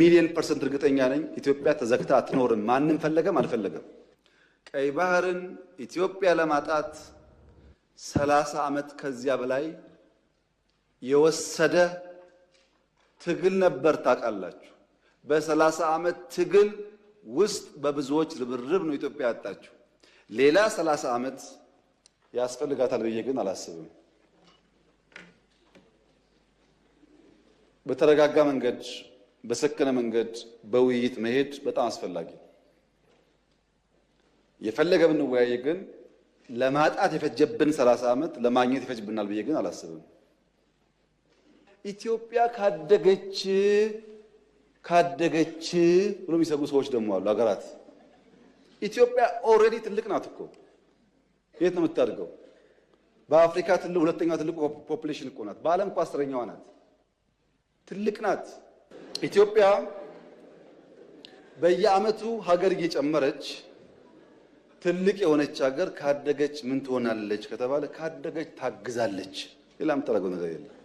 ሚሊዮን ፐርሰንት እርግጠኛ ነኝ ኢትዮጵያ ተዘግታ አትኖርም። ማንም ፈለገም አልፈለገም ቀይ ባህርን ኢትዮጵያ ለማጣት ሰላሳ ዓመት ከዚያ በላይ የወሰደ ትግል ነበር። ታውቃላችሁ፣ በሰላሳ ዓመት ትግል ውስጥ በብዙዎች ርብርብ ነው ኢትዮጵያ ያጣችው። ሌላ ሰላሳ ዓመት ያስፈልጋታል ብዬ ግን አላስብም። በተረጋጋ መንገድ በሰከነ መንገድ በውይይት መሄድ በጣም አስፈላጊ ነው። የፈለገ ብንወያይ ግን ለማጣት የፈጀብን ሰላሳ ዓመት ለማግኘት ይፈጅብናል ብዬ ግን አላስብም። ኢትዮጵያ ካደገች ካደገች ብሎ የሚሰጉ ሰዎች ደግሞ አሉ። ሀገራት ኢትዮጵያ ኦልሬዲ ትልቅ ናት እኮ የት ነው የምታድገው? በአፍሪካ ሁለተኛዋ ትልቁ ፖፕሌሽን እኮ ናት። በዓለም እኮ አስረኛዋ ናት። ትልቅ ናት። ኢትዮጵያ በየዓመቱ ሀገር እየጨመረች ትልቅ የሆነች ሀገር ካደገች ምን ትሆናለች ከተባለ ካደገች ታግዛለች። ሌላም የምታደርገው ነገር የለም።